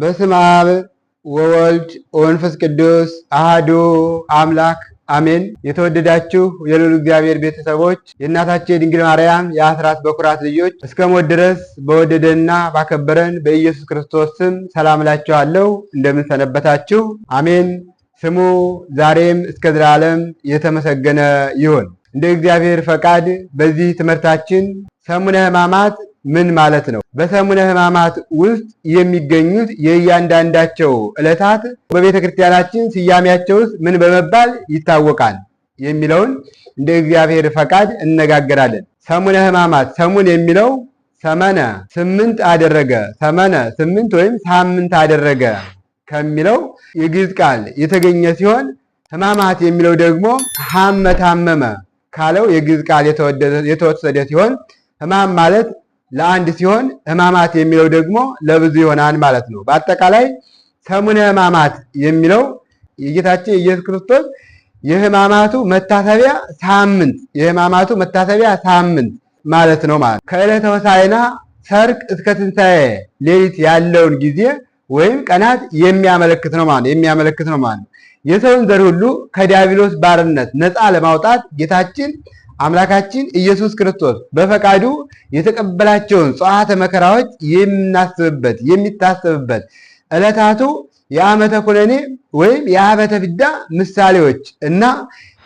በስመ አብ ወወልድ ወመንፈስ ቅዱስ አህዶ አምላክ አሜን። የተወደዳችሁ የልዑል እግዚአብሔር ቤተሰቦች የእናታችን የድንግል ማርያም የአስራት በኩራት ልጆች እስከ ሞት ድረስ በወደደንና ባከበረን በኢየሱስ ክርስቶስ ስም ሰላም እላችኋለሁ። እንደምን ሰነበታችሁ? አሜን። ስሙ ዛሬም እስከ ዘላለም የተመሰገነ ይሁን። እንደ እግዚአብሔር ፈቃድ በዚህ ትምህርታችን ሰሙነ ሕማማት ምን ማለት ነው? በሰሙነ ሕማማት ውስጥ የሚገኙት የእያንዳንዳቸው ዕለታት በቤተ ክርስቲያናችን ስያሜያቸው ውስጥ ምን በመባል ይታወቃል የሚለውን እንደ እግዚአብሔር ፈቃድ እነጋገራለን። ሰሙነ ሕማማት ሰሙን የሚለው ሰመነ ስምንት አደረገ፣ ሰመነ ስምንት ወይም ሳምንት አደረገ ከሚለው የግዕዝ ቃል የተገኘ ሲሆን ሕማማት የሚለው ደግሞ ሐመ ታመመ ካለው የግዕዝ ቃል የተወሰደ ሲሆን ሕማም ማለት ለአንድ ሲሆን ህማማት የሚለው ደግሞ ለብዙ ይሆናል ማለት ነው። በአጠቃላይ ሰሙነ ህማማት የሚለው የጌታችን የኢየሱስ ክርስቶስ የህማማቱ መታሰቢያ ሳምንት የህማማቱ መታሰቢያ ሳምንት ማለት ነው። ማለት ከዕለተ ሆሳዕና ሰርክ እስከ ትንሣኤ ሌሊት ያለውን ጊዜ ወይም ቀናት የሚያመለክት ነው ማለት የሚያመለክት ነው ማለት የሰውን ዘር ሁሉ ከዲያብሎስ ባርነት ነፃ ለማውጣት ጌታችን አምላካችን ኢየሱስ ክርስቶስ በፈቃዱ የተቀበላቸውን ጽዋዕተ መከራዎች የምናስብበት የሚታሰብበት ዕለታቱ የዓመተ ኩነኔ ወይም የዓመተ ፍዳ ምሳሌዎች እና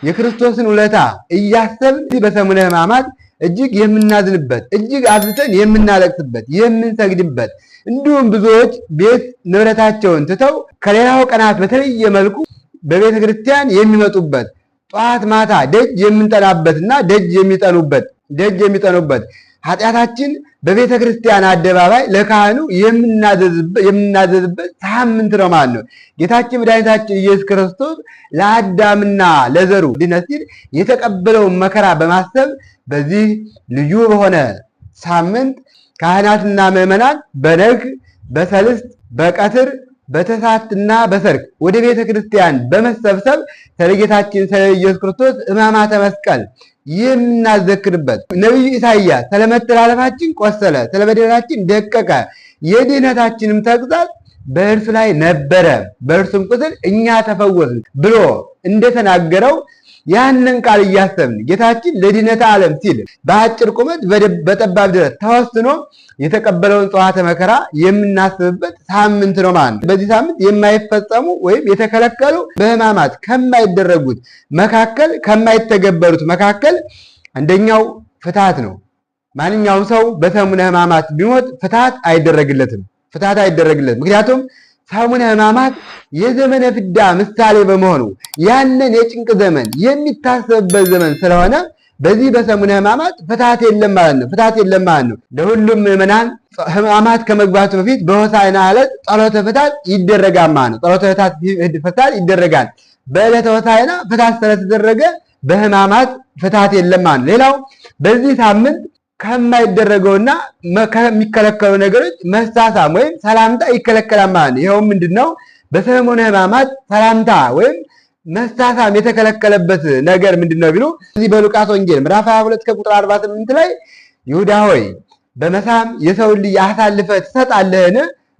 የክርስቶስን ውለታ እያሰብን በሰሙነ ሕማማት እጅግ የምናዝንበት እጅግ አብዝተን የምናለቅስበት የምንሰግድበት እንዲሁም ብዙዎች ቤት ንብረታቸውን ትተው ከሌላው ቀናት በተለየ መልኩ በቤተ ክርስቲያን የሚመጡበት ጠዋት ማታ ደጅ የምንጠናበትና ደጅ የሚጠኑበት ደጅ የሚጠኑበት ኃጢአታችን በቤተ ክርስቲያን አደባባይ ለካህኑ የምናዘዝበት ሳምንት ነው ማለት ነው። ጌታችን መድኃኒታችን ኢየሱስ ክርስቶስ ለአዳምና ለዘሩ ድነት ሲል የተቀበለውን መከራ በማሰብ በዚህ ልዩ በሆነ ሳምንት ካህናትና ምዕመናን በነግ በሰልስት በቀትር በተሳትና በሰርክ ወደ ቤተ ክርስቲያን በመሰብሰብ ስለ ጌታችን ስለ ኢየሱስ ክርስቶስ ሕማማተ መስቀል የምናዘክርበት ነቢዩ ኢሳይያስ ስለ መተላለፋችን ቆሰለ፣ ስለ በደላችን ደቀቀ፣ የድህነታችንም ተግዛዝ በእርሱ ላይ ነበረ፣ በእርሱም ቁስል እኛ ተፈወስን ብሎ እንደተናገረው ያንን ቃል እያሰብን ጌታችን ለድኅነተ ዓለም ሲል በአጭር ቁመት በጠባብ ድረት ተወስኖ የተቀበለውን ጽዋተ መከራ የምናስብበት ሳምንት ነው ማለት ነው። በዚህ ሳምንት የማይፈጸሙ ወይም የተከለከሉ በሕማማት ከማይደረጉት መካከል ከማይተገበሩት መካከል አንደኛው ፍታት ነው። ማንኛውም ሰው በሰሙነ ሕማማት ቢሞት ፍታት አይደረግለትም። ፍታት አይደረግለትም ምክንያቱም ሰሙነ ሕማማት የዘመነ ፍዳ ምሳሌ በመሆኑ ያንን የጭንቅ ዘመን የሚታሰብበት ዘመን ስለሆነ በዚህ በሰሙነ ሕማማት ፍትሐት የለም ማለት ነው። ፍትሐት የለም ማለት ነው። ለሁሉም ምዕመናን ሕማማት ከመግባቱ በፊት በሆሳዕና ዕለት ጸሎተ ፍትሐት ይደረጋል ማለት ነው። ጸሎተ ፍትሐት ይደረጋል። በዕለተ ሆሳዕና ፍትሐት ስለተደረገ በሕማማት ፍትሐት የለም ማለት ነው። ሌላው በዚህ ሳምንት ከማይደረገውና ከሚከለከሉ ነገሮች መሳሳም ወይም ሰላምታ ይከለከላል ማለት ነው። ይኸውም ምንድን ነው? በሰሞነ ሕማማት ሰላምታ ወይም መሳሳም የተከለከለበት ነገር ምንድን ነው ቢሉ እዚህ በሉቃስ ወንጌል ምዕራፍ 22 ከቁጥር 48 ላይ ይሁዳ ሆይ በመሳም የሰውን ልጅ አሳልፈ ትሰጣለህን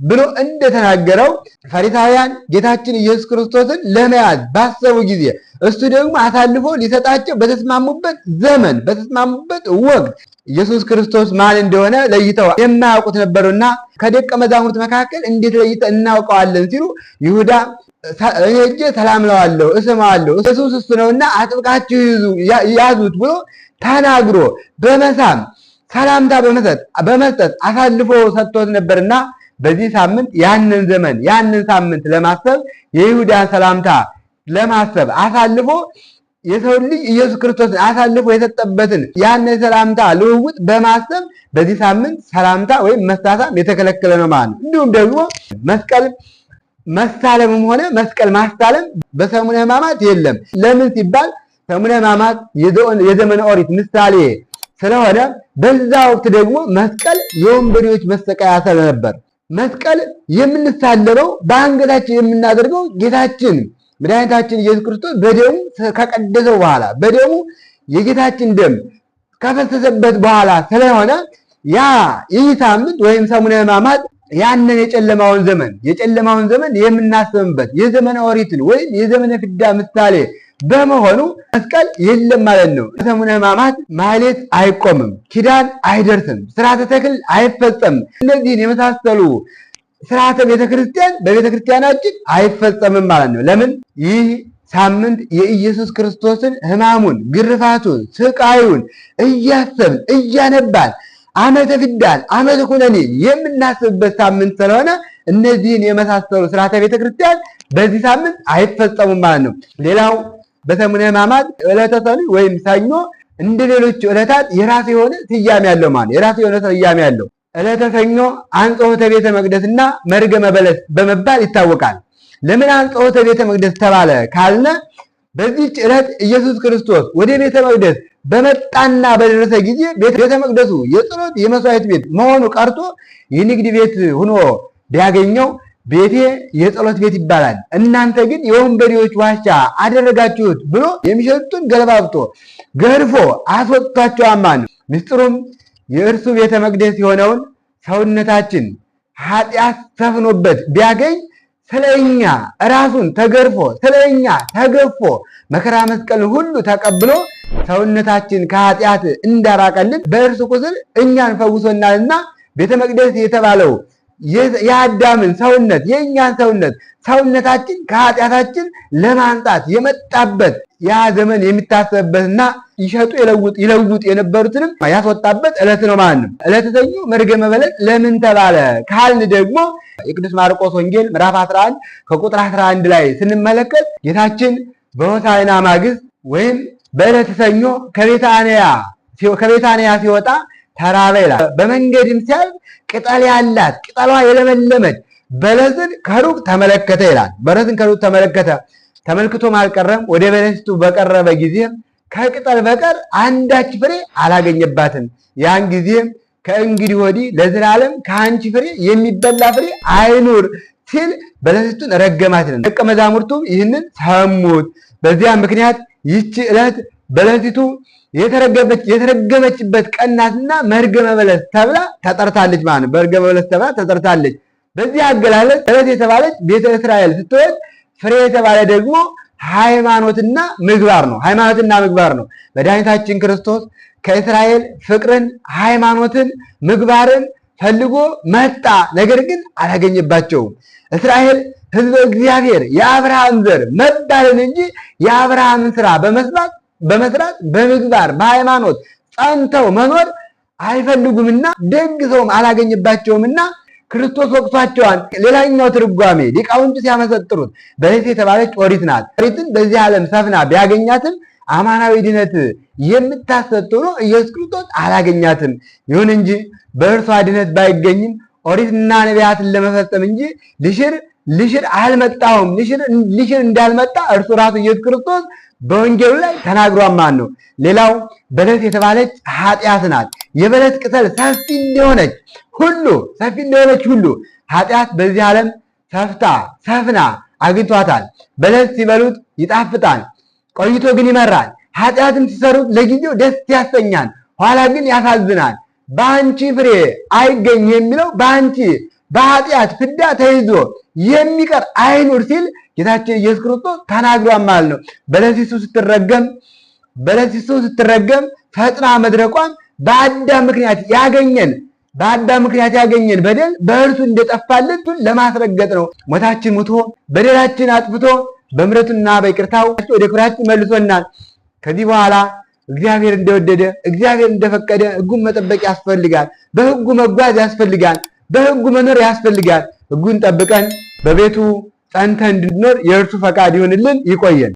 ብሎ እንደተናገረው ፈሪሳውያን ጌታችን ኢየሱስ ክርስቶስን ለመያዝ ባሰቡ ጊዜ እሱ ደግሞ አሳልፎ ሊሰጣቸው በተስማሙበት ዘመን በተስማሙበት ወቅት ኢየሱስ ክርስቶስ ማን እንደሆነ ለይተው የማያውቁት ነበሩና ከደቀ መዛሙርት መካከል እንዴት ለይተ እናውቀዋለን ሲሉ ይሁዳ ሄጄ ተላምለዋለሁ፣ እስማዋለሁ ኢየሱስ እሱ ነውና አጥብቃችሁ ያዙት ብሎ ተናግሮ በመሳም ሰላምታ በመስጠት አሳልፎ ሰጥቶት ነበርና በዚህ ሳምንት ያንን ዘመን ያንን ሳምንት ለማሰብ የይሁዳን ሰላምታ ለማሰብ አሳልፎ የሰው ልጅ ኢየሱስ ክርስቶስን አሳልፎ የሰጠበትን ያን ሰላምታ ልውውጥ በማሰብ በዚህ ሳምንት ሰላምታ ወይም መሳሳም የተከለከለ ነው ማለት ነው። እንዲሁም ደግሞ መስቀል መሳለምም ሆነ መስቀል ማስታለም በሰሙነ ሕማማት የለም። ለምን ሲባል ሰሙነ ሕማማት የዘመነ ኦሪት ምሳሌ ስለሆነ በዛ ወቅት ደግሞ መስቀል የወንበዴዎች መሰቃያ ስለነበር መስቀል የምንሳለበው በአንገታችን የምናደርገው ጌታችን መድኃኒታችን ኢየሱስ ክርስቶስ በደሙ ከቀደሰው በኋላ በደሙ የጌታችን ደም ከፈሰሰበት በኋላ ስለሆነ ያ ይህ ሳምንት ወይም ሰሙነ ሕማማት ያንን የጨለማውን ዘመን የጨለማውን ዘመን የምናስብበት የዘመነ ኦሪትን ወይም የዘመነ ፍዳ ምሳሌ በመሆኑ መስቀል የለም ማለት ነው። ሰሙነ ሕማማት ማለት አይቆምም፣ ኪዳን አይደርስም፣ ስርዓተ ተክል አይፈጸምም። እነዚህን የመሳሰሉ ስርዓተ ቤተክርስቲያን በቤተክርስቲያናችን አይፈጸምም ማለት ነው። ለምን ይህ ሳምንት የኢየሱስ ክርስቶስን ሕማሙን፣ ግርፋቱን፣ ስቃዩን እያሰብን እያነባን ዓመተ ፍዳን ዓመተ ኩነኔ የምናስብበት ሳምንት ስለሆነ እነዚህን የመሳሰሉ ስርዓተ ቤተክርስቲያን በዚህ ሳምንት አይፈጸሙም ማለት ነው። ሌላው በሰሙነ ሕማማት ዕለተ ሰኑይ ወይም ሰኞ እንደ ሌሎች ዕለታት የራሱ የሆነ ስያሜ ያለው ማለት የራሱ የሆነ ስያሜ ያለው ዕለተ ሰኞ አንጾሖተ ቤተ መቅደስና መርገመ በለስ በመባል ይታወቃል። ለምን አንጾሖተ ቤተ መቅደስ ተባለ ካልነ በዚህች ዕለት ኢየሱስ ክርስቶስ ወደ ቤተ መቅደስ በመጣና በደረሰ ጊዜ ቤተ መቅደሱ የጸሎት የመስዋዕት ቤት መሆኑ ቀርቶ የንግድ ቤት ሆኖ ቢያገኘው ቤቴ የጸሎት ቤት ይባላል፣ እናንተ ግን የወንበዴዎች ዋሻ አደረጋችሁት ብሎ የሚሸጡትን ገለባብጦ ገርፎ አስወጥቷቸው አማን። ምስጢሩም የእርሱ ቤተ መቅደስ የሆነውን ሰውነታችን ኃጢአት ሰፍኖበት ቢያገኝ ስለኛ ራሱን ተገርፎ ስለኛ ተገፎ መከራ መስቀል ሁሉ ተቀብሎ ሰውነታችን ከኃጢአት እንዳራቀልን በእርሱ ቁስል እኛን ፈውሶናልና ቤተ መቅደስ የተባለው የአዳምን ሰውነት የእኛን ሰውነት ሰውነታችን ከኃጢአታችን ለማንጣት የመጣበት ያ ዘመን የሚታሰብበትና ይሸጡ ይለውጡ የነበሩትንም ያስወጣበት ዕለት ነው ማንም ዕለተ ሰኞ መርገመ በለስ ለምን ተባለ ካልን ደግሞ የቅዱስ ማርቆስ ወንጌል ምዕራፍ 11 ከቁጥር 11 ላይ ስንመለከት ጌታችን በሆሳዕና ማግስት ወይም በዕለተ ሰኞ ከቤታንያ ሲወጣ ተራበ ይላል። በመንገድም ሲያልፍ ቅጠል ያላት ቅጠሏ የለመለመች በለስን ከሩቅ ተመለከተ ይላል። በለስን ከሩቅ ተመለከተ፣ ተመልክቶም አልቀረም። ወደ በለሲቱ በቀረበ ጊዜም ከቅጠል በቀር አንዳች ፍሬ አላገኘባትም። ያን ጊዜም ከእንግዲህ ወዲህ ለዘላለም ከአንቺ ፍሬ የሚበላ ፍሬ አይኑር ሲል በለሲቱን ረገማት። ደቀ መዛሙርቱም ይህንን ሰሙት። በዚያ ምክንያት ይቺ ዕለት በለሲቱ የተረገመችበት ቀናትና ናትና መርገመ በለስ ተብላ ተጠርታለች ማለት ነው። መርገመ በለስ ተብላ ተጠርታለች። በዚህ አገላለጽ በለስ የተባለች ቤተ እስራኤል ስትሆን ፍሬ የተባለ ደግሞ ሃይማኖትና ምግባር ነው። ሃይማኖትና ምግባር ነው። መድኃኒታችን ክርስቶስ ከእስራኤል ፍቅርን፣ ሃይማኖትን፣ ምግባርን ፈልጎ መጣ። ነገር ግን አላገኘባቸውም። እስራኤል ህዝበ እግዚአብሔር የአብርሃም ዘር መባልን እንጂ የአብርሃምን ስራ በመስራት በመስራት በምግባር በሃይማኖት ጸንተው መኖር አይፈልጉምና ደግ ሰውም አላገኝባቸውምና ክርስቶስ ወቅሷቸዋል። ሌላኛው ትርጓሜ ሊቃውንቱ ሲያመሰጥሩት በለስ የተባለች ኦሪት ናት። ኦሪትን በዚህ ዓለም ሰፍና ቢያገኛትም አማናዊ ድነት የምታሰጥ ሆኖ ኢየሱስ ክርስቶስ አላገኛትም። ይሁን እንጂ በእርሷ ድነት ባይገኝም ኦሪትና ነቢያትን ለመፈጸም እንጂ ልሽር ልሽር አልመጣሁም። ልሽር እንዳልመጣ እርሱ ራሱ ኢየሱስ ክርስቶስ በወንጌሉ ላይ ተናግሯን ማን ነው? ሌላው በለት የተባለች ኃጢአት ናት። የበለት ቅጠል ሰፊ እንደሆነች ሁሉ ሰፊ እንደሆነች ሁሉ ኃጢአት በዚህ ዓለም ሰፍታ ሰፍና አግኝቷታል። በለት ሲበሉት ይጣፍጣል፣ ቆይቶ ግን ይመራል። ኃጢአትም ሲሰሩት ለጊዜው ደስ ያሰኛል፣ ኋላ ግን ያሳዝናል። በአንቺ ፍሬ አይገኝ የሚለው በአንቺ በኃጢአት ፍዳ ተይዞ የሚቀር አይኑር ሲል ጌታችን ኢየሱስ ክርስቶስ ተናግሯል ማለት ነው። በለሲሱ ስትረገም በለሲሱ ስትረገም ፈጥና መድረቋን በአዳም ምክንያት ያገኘን በአዳም ምክንያት ያገኘን በደል በእርሱ እንደጠፋልን ለማስረገጥ ነው። ሞታችን ሙቶ በደላችን አጥፍቶ በምሕረቱና በይቅርታው ወደ ክብራችን መልሶናል። ከዚህ በኋላ እግዚአብሔር እንደወደደ እግዚአብሔር እንደፈቀደ ሕጉን መጠበቅ ያስፈልጋል። በሕጉ መጓዝ ያስፈልጋል። በህጉ መኖር ያስፈልጋል። ህጉን ጠብቀን በቤቱ ጸንተን እንድንኖር የእርሱ ፈቃድ ይሁንልን። ይቆየን።